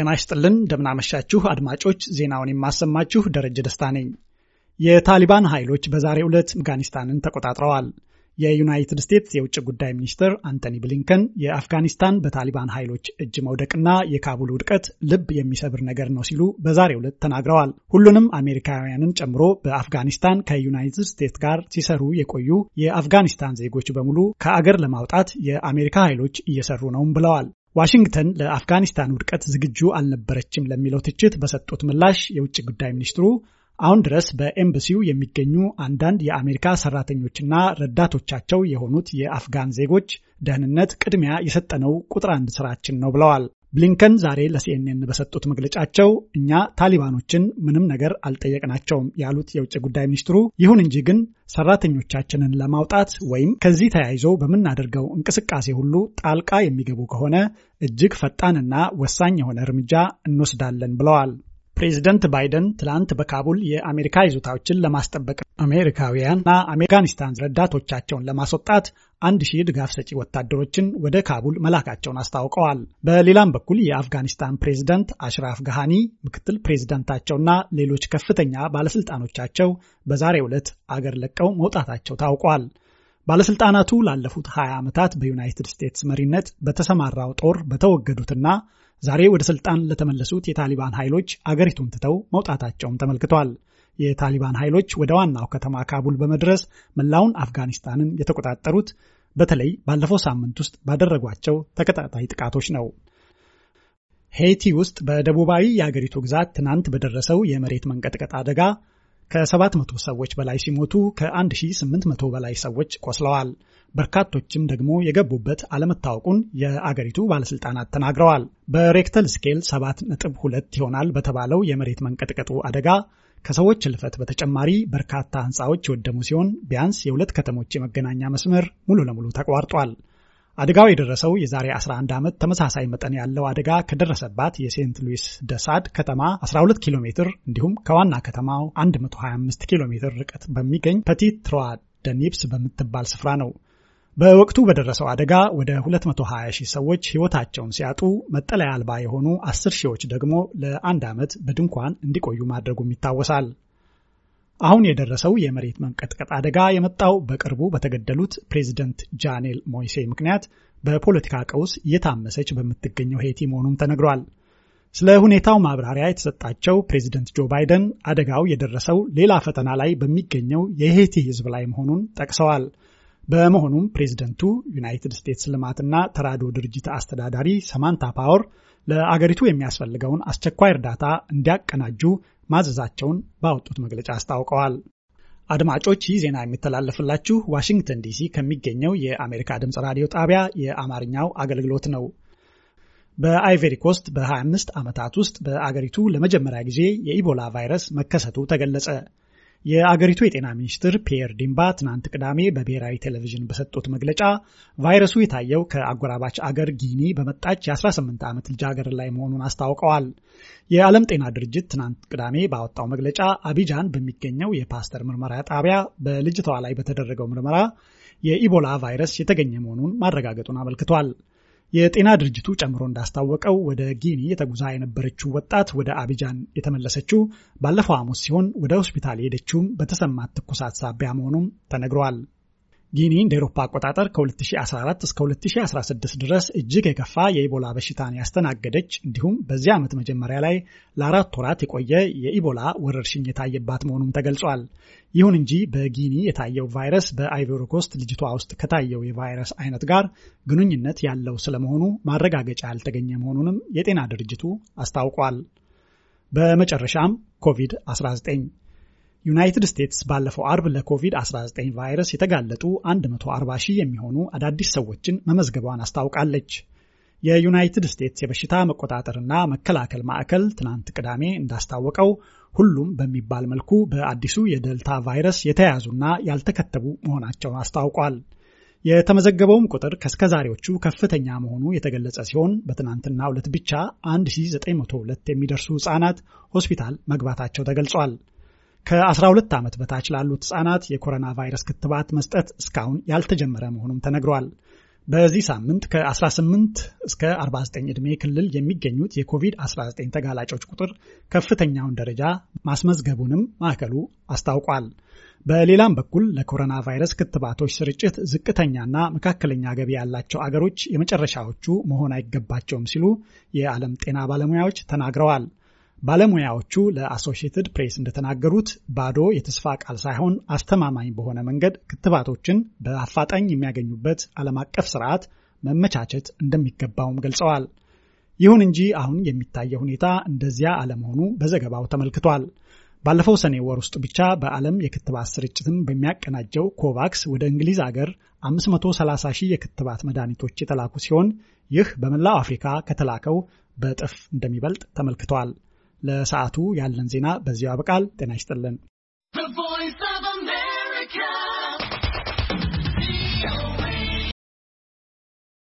ጤና ይስጥልን እንደምናመሻችሁ አድማጮች፣ ዜናውን የማሰማችሁ ደረጀ ደስታ ነኝ። የታሊባን ኃይሎች በዛሬ ዕለት አፍጋኒስታንን ተቆጣጥረዋል። የዩናይትድ ስቴትስ የውጭ ጉዳይ ሚኒስትር አንቶኒ ብሊንከን የአፍጋኒስታን በታሊባን ኃይሎች እጅ መውደቅና የካቡል ውድቀት ልብ የሚሰብር ነገር ነው ሲሉ በዛሬው ዕለት ተናግረዋል። ሁሉንም አሜሪካውያንን ጨምሮ በአፍጋኒስታን ከዩናይትድ ስቴትስ ጋር ሲሰሩ የቆዩ የአፍጋኒስታን ዜጎች በሙሉ ከአገር ለማውጣት የአሜሪካ ኃይሎች እየሰሩ ነውም ብለዋል። ዋሽንግተን ለአፍጋኒስታን ውድቀት ዝግጁ አልነበረችም ለሚለው ትችት በሰጡት ምላሽ የውጭ ጉዳይ ሚኒስትሩ አሁን ድረስ በኤምባሲው የሚገኙ አንዳንድ የአሜሪካ ሰራተኞችና ረዳቶቻቸው የሆኑት የአፍጋን ዜጎች ደህንነት ቅድሚያ የሰጠነው ቁጥር አንድ ስራችን ነው ብለዋል። ብሊንከን ዛሬ ለሲኤንኤን በሰጡት መግለጫቸው እኛ ታሊባኖችን ምንም ነገር አልጠየቅናቸውም ያሉት የውጭ ጉዳይ ሚኒስትሩ፣ ይሁን እንጂ ግን ሰራተኞቻችንን ለማውጣት ወይም ከዚህ ተያይዞ በምናደርገው እንቅስቃሴ ሁሉ ጣልቃ የሚገቡ ከሆነ እጅግ ፈጣንና ወሳኝ የሆነ እርምጃ እንወስዳለን ብለዋል። ፕሬዚደንት ባይደን ትላንት በካቡል የአሜሪካ ይዞታዎችን ለማስጠበቅ አሜሪካውያንና አሜሪካኒስታን ረዳቶቻቸውን ለማስወጣት አንድ ሺህ ድጋፍ ሰጪ ወታደሮችን ወደ ካቡል መላካቸውን አስታውቀዋል። በሌላም በኩል የአፍጋኒስታን ፕሬዝደንት አሽራፍ ጋሃኒ ምክትል ፕሬዝደንታቸውና ሌሎች ከፍተኛ ባለስልጣኖቻቸው በዛሬ ዕለት አገር ለቀው መውጣታቸው ታውቋል። ባለስልጣናቱ ላለፉት 20 ዓመታት በዩናይትድ ስቴትስ መሪነት በተሰማራው ጦር በተወገዱትና ዛሬ ወደ ስልጣን ለተመለሱት የታሊባን ኃይሎች አገሪቱን ትተው መውጣታቸውም ተመልክቷል። የታሊባን ኃይሎች ወደ ዋናው ከተማ ካቡል በመድረስ መላውን አፍጋኒስታንን የተቆጣጠሩት በተለይ ባለፈው ሳምንት ውስጥ ባደረጓቸው ተከታታይ ጥቃቶች ነው። ሄይቲ ውስጥ በደቡባዊ የአገሪቱ ግዛት ትናንት በደረሰው የመሬት መንቀጥቀጥ አደጋ ከ700 ሰዎች በላይ ሲሞቱ ከ1800 በላይ ሰዎች ቆስለዋል። በርካቶችም ደግሞ የገቡበት አለመታወቁን የአገሪቱ ባለስልጣናት ተናግረዋል። በሬክተል ስኬል 7.2 ይሆናል በተባለው የመሬት መንቀጥቀጡ አደጋ ከሰዎች ህልፈት በተጨማሪ በርካታ ህንፃዎች የወደሙ ሲሆን ቢያንስ የሁለት ከተሞች የመገናኛ መስመር ሙሉ ለሙሉ ተቋርጧል። አደጋው የደረሰው የዛሬ 11 ዓመት ተመሳሳይ መጠን ያለው አደጋ ከደረሰባት የሴንት ሉዊስ ደሳድ ከተማ 12 ኪሎ ሜትር እንዲሁም ከዋና ከተማው 125 ኪሎ ሜትር ርቀት በሚገኝ ፐቲት ትሮዋ ደኒፕስ በምትባል ስፍራ ነው። በወቅቱ በደረሰው አደጋ ወደ 220 ሺህ ሰዎች ሕይወታቸውን ሲያጡ መጠለያ አልባ የሆኑ 10 ሺዎች ደግሞ ለአንድ ዓመት በድንኳን እንዲቆዩ ማድረጉም ይታወሳል። አሁን የደረሰው የመሬት መንቀጥቀጥ አደጋ የመጣው በቅርቡ በተገደሉት ፕሬዚደንት ጃኔል ሞይሴ ምክንያት በፖለቲካ ቀውስ እየታመሰች በምትገኘው ሄቲ መሆኑም ተነግሯል። ስለ ሁኔታው ማብራሪያ የተሰጣቸው ፕሬዚደንት ጆ ባይደን አደጋው የደረሰው ሌላ ፈተና ላይ በሚገኘው የሄቲ ሕዝብ ላይ መሆኑን ጠቅሰዋል። በመሆኑም ፕሬዝደንቱ ዩናይትድ ስቴትስ ልማትና ተራድኦ ድርጅት አስተዳዳሪ ሰማንታ ፓወር ለአገሪቱ የሚያስፈልገውን አስቸኳይ እርዳታ እንዲያቀናጁ ማዘዛቸውን ባወጡት መግለጫ አስታውቀዋል። አድማጮች ይህ ዜና የሚተላለፍላችሁ ዋሽንግተን ዲሲ ከሚገኘው የአሜሪካ ድምፅ ራዲዮ ጣቢያ የአማርኛው አገልግሎት ነው። በአይቨሪ ኮስት በ25 ዓመታት ውስጥ በአገሪቱ ለመጀመሪያ ጊዜ የኢቦላ ቫይረስ መከሰቱ ተገለጸ። የአገሪቱ የጤና ሚኒስትር ፒየር ዲምባ ትናንት ቅዳሜ በብሔራዊ ቴሌቪዥን በሰጡት መግለጫ ቫይረሱ የታየው ከአጎራባች አገር ጊኒ በመጣች የ18 ዓመት ልጃገረድ ላይ መሆኑን አስታውቀዋል። የዓለም ጤና ድርጅት ትናንት ቅዳሜ ባወጣው መግለጫ አቢጃን በሚገኘው የፓስተር ምርመራ ጣቢያ በልጅቷ ላይ በተደረገው ምርመራ የኢቦላ ቫይረስ የተገኘ መሆኑን ማረጋገጡን አመልክቷል። የጤና ድርጅቱ ጨምሮ እንዳስታወቀው ወደ ጊኒ የተጉዛ የነበረችው ወጣት ወደ አቢጃን የተመለሰችው ባለፈው ሐሙስ ሲሆን ወደ ሆስፒታል የሄደችውም በተሰማት ትኩሳት ሳቢያ መሆኑም ተነግሯል። ጊኒ እንደ ኤሮፓ አቆጣጠር ከ2014 እስከ 2016 ድረስ እጅግ የከፋ የኢቦላ በሽታን ያስተናገደች እንዲሁም በዚህ ዓመት መጀመሪያ ላይ ለአራት ወራት የቆየ የኢቦላ ወረርሽኝ የታየባት መሆኑም ተገልጿል። ይሁን እንጂ በጊኒ የታየው ቫይረስ በአይቮሪኮስት ልጅቷ ውስጥ ከታየው የቫይረስ አይነት ጋር ግንኙነት ያለው ስለመሆኑ ማረጋገጫ ያልተገኘ መሆኑንም የጤና ድርጅቱ አስታውቋል። በመጨረሻም ኮቪድ-19 ዩናይትድ ስቴትስ ባለፈው አርብ ለኮቪድ-19 ቫይረስ የተጋለጡ 140 ሺህ የሚሆኑ አዳዲስ ሰዎችን መመዝገቧን አስታውቃለች። የዩናይትድ ስቴትስ የበሽታ መቆጣጠርና መከላከል ማዕከል ትናንት ቅዳሜ እንዳስታወቀው ሁሉም በሚባል መልኩ በአዲሱ የደልታ ቫይረስ የተያዙና ያልተከተቡ መሆናቸውን አስታውቋል። የተመዘገበውም ቁጥር ከእስከዛሬዎቹ ከፍተኛ መሆኑ የተገለጸ ሲሆን በትናንትና ሁለት ብቻ 1902 የሚደርሱ ህፃናት ሆስፒታል መግባታቸው ተገልጿል። ከ12 ዓመት በታች ላሉት ህጻናት የኮሮና ቫይረስ ክትባት መስጠት እስካሁን ያልተጀመረ መሆኑም ተነግሯል። በዚህ ሳምንት ከ18 እስከ 49 ዕድሜ ክልል የሚገኙት የኮቪድ-19 ተጋላጮች ቁጥር ከፍተኛውን ደረጃ ማስመዝገቡንም ማዕከሉ አስታውቋል። በሌላም በኩል ለኮሮና ቫይረስ ክትባቶች ስርጭት ዝቅተኛና መካከለኛ ገቢ ያላቸው አገሮች የመጨረሻዎቹ መሆን አይገባቸውም ሲሉ የዓለም ጤና ባለሙያዎች ተናግረዋል። ባለሙያዎቹ ለአሶሺየትድ ፕሬስ እንደተናገሩት ባዶ የተስፋ ቃል ሳይሆን አስተማማኝ በሆነ መንገድ ክትባቶችን በአፋጣኝ የሚያገኙበት ዓለም አቀፍ ስርዓት መመቻቸት እንደሚገባውም ገልጸዋል። ይሁን እንጂ አሁን የሚታየው ሁኔታ እንደዚያ አለመሆኑ በዘገባው ተመልክቷል። ባለፈው ሰኔ ወር ውስጥ ብቻ በዓለም የክትባት ስርጭትን በሚያቀናጀው ኮቫክስ ወደ እንግሊዝ አገር 530 ሺህ የክትባት መድኃኒቶች የተላኩ ሲሆን ይህ በመላው አፍሪካ ከተላከው በእጥፍ እንደሚበልጥ ተመልክቷል። ለሰዓቱ ያለን ዜና በዚሁ ያበቃል። ጤና ይስጥልን።